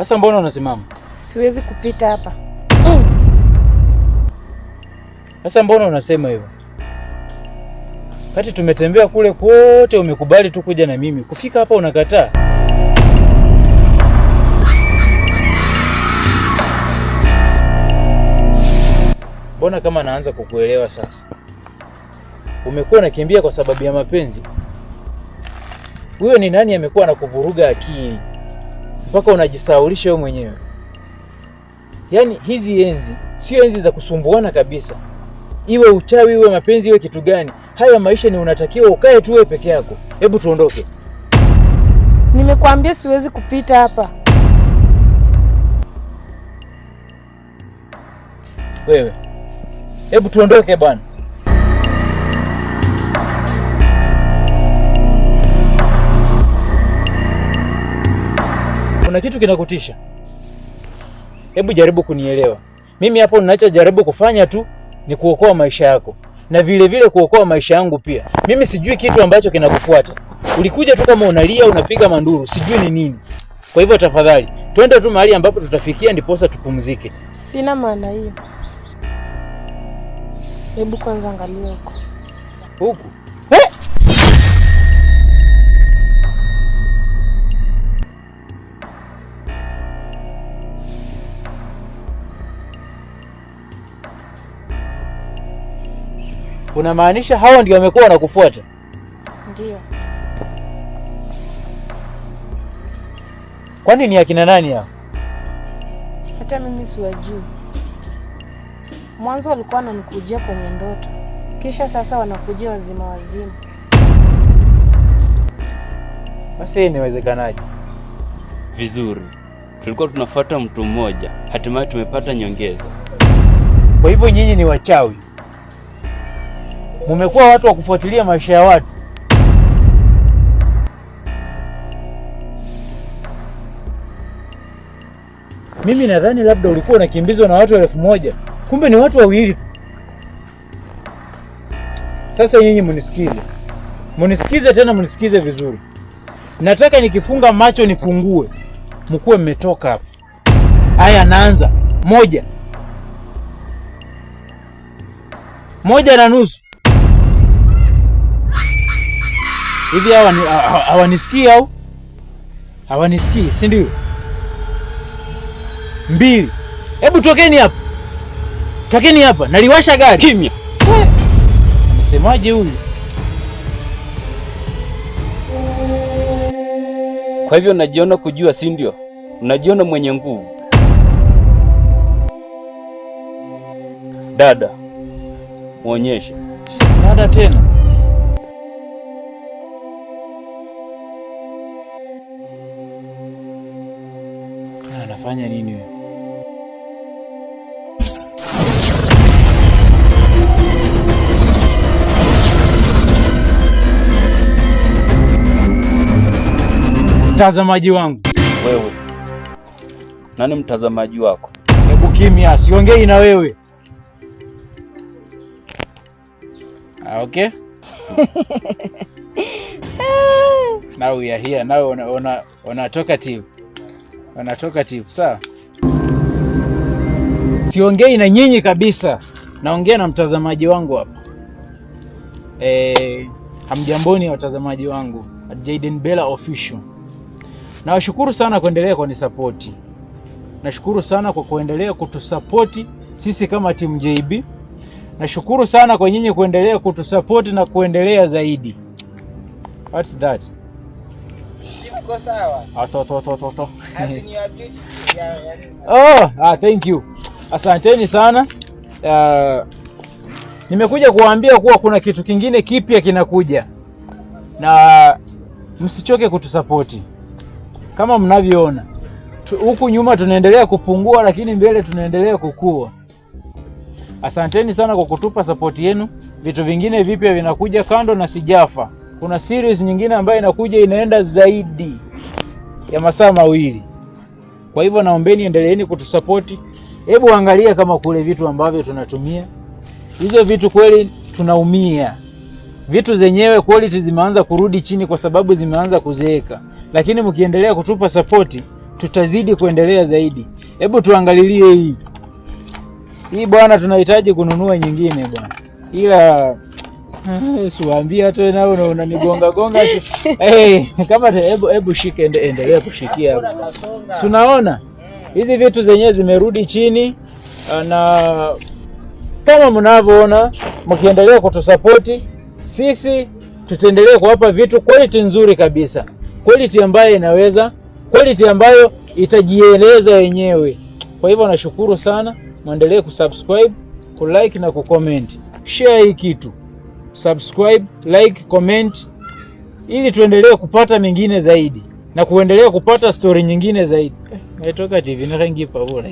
Sasa mbona unasimama? Siwezi kupita hapa. Sasa mbona unasema hivyo? Kati tumetembea kule kote, umekubali tu kuja na mimi, kufika hapa unakataa. Mbona kama naanza kukuelewa sasa. Umekuwa unakimbia kwa sababu ya mapenzi. Huyo ni nani amekuwa anakuvuruga akili? mpaka unajisaulisha wewe mwenyewe. Yaani hizi enzi sio enzi za kusumbuana kabisa, iwe uchawi, iwe mapenzi, iwe kitu gani. Haya maisha ni unatakiwa ukae tu wewe peke yako. Hebu tuondoke. Nimekuambia siwezi kupita hapa. Wewe hebu tuondoke bwana. kuna kitu kinakutisha? Hebu jaribu kunielewa mimi. Hapo ninachojaribu kufanya tu ni kuokoa maisha yako na vile vile kuokoa maisha yangu pia. Mimi sijui kitu ambacho kinakufuata. Ulikuja tu kama unalia unapiga manduru, sijui ni nini. Kwa hivyo tafadhali, twende tu mahali ambapo tutafikia ndiposa tupumzike. Sina maana hiyo. Hebu kwanza angalia huko. Huku Unamaanisha hawa ndio wamekuwa wanakufuata? Ndio. Kwani ni akina nani hao? Hata mimi siwajui. Mwanzo walikuwa wananikujia kwenye ndoto, kisha sasa wanakujia wazima wazima. Basi inawezekanaje? Vizuri, tulikuwa tunafuata mtu mmoja, hatimaye tumepata nyongeza. Kwa hivyo nyinyi ni wachawi? Mumekuwa watu wa kufuatilia maisha ya watu. Mimi nadhani labda ulikuwa unakimbizwa na watu elfu moja kumbe ni watu wawili tu. Sasa nyinyi munisikize, munisikize tena, munisikize vizuri. Nataka nikifunga macho nifungue, mkuwe mmetoka hapa. Haya, naanza moja, moja na nusu Hivi hawanisikii au hawanisikii, si ndio? Mbili, hebu tokeni hapa, tokeni hapa, naliwasha gari. Kimya amesemaje huyu? Kwa hivyo najiona kujua, si ndio? Unajiona mwenye nguvu, dada, mwonyeshe dada tena Umefanya nini wewe? Mtazamaji wangu wewe, nani mtazamaji wako? Hebu kimya, siongei na wewe ah, okay? Now we are here. Now on, on, on a talkative wanatoka tifu. Sawa, siongei na nyinyi kabisa, naongea na mtazamaji wangu hapa. Eh, hamjamboni watazamaji wangu at Jayden Bella Official. Nawashukuru sana kuendelea kunisapoti, nashukuru sana kwa kuendelea kutusapoti sisi kama timu JB. Nashukuru sana kwa nyinyi kuendelea kutusapoti na kuendelea zaidi. What's that? Uko sawa? Ato ah, to to to to. Oh, ah, thank you. Asanteni sana. Uh, nimekuja kuwaambia kuwa kuna kitu kingine kipya kinakuja na msichoke kutusapoti kama mnavyoona huku nyuma tunaendelea kupungua, lakini mbele tunaendelea kukua. Asanteni sana kwa kutupa sapoti yenu. Vitu vingine vipya vinakuja kando na Sijafa kuna series nyingine ambayo inakuja inaenda zaidi ya masaa mawili. Kwa hivyo naombeni endeleeni kutusapoti. Hebu angalia kama kule vitu ambavyo tunatumia hizo vitu kweli tunaumia, vitu zenyewe quality zimeanza kurudi chini kwa sababu zimeanza kuzeeka, lakini mkiendelea kutupa sapoti tutazidi kuendelea zaidi. Hebu tuangalilie hii hii bwana, tunahitaji kununua nyingine bwana, ila Siwaambia tu na unanigonga gonga. Hey, kama hebu hebu shike ende endelee kushikia. Tunaona hizi vitu zenyewe zimerudi chini na kama mnavyoona, mkiendelea kutusapoti sisi tutaendelea kuwapa vitu quality nzuri kabisa, quality ambayo inaweza, quality ambayo itajieleza yenyewe. Kwa hivyo nashukuru sana, mwendelee kusubscribe, kulike na kucomment, share hii kitu subscribe, like, comment ili tuendelee kupata mengine zaidi na kuendelea kupata stori nyingine zaidi. Eh, naitoka TV nakangipa like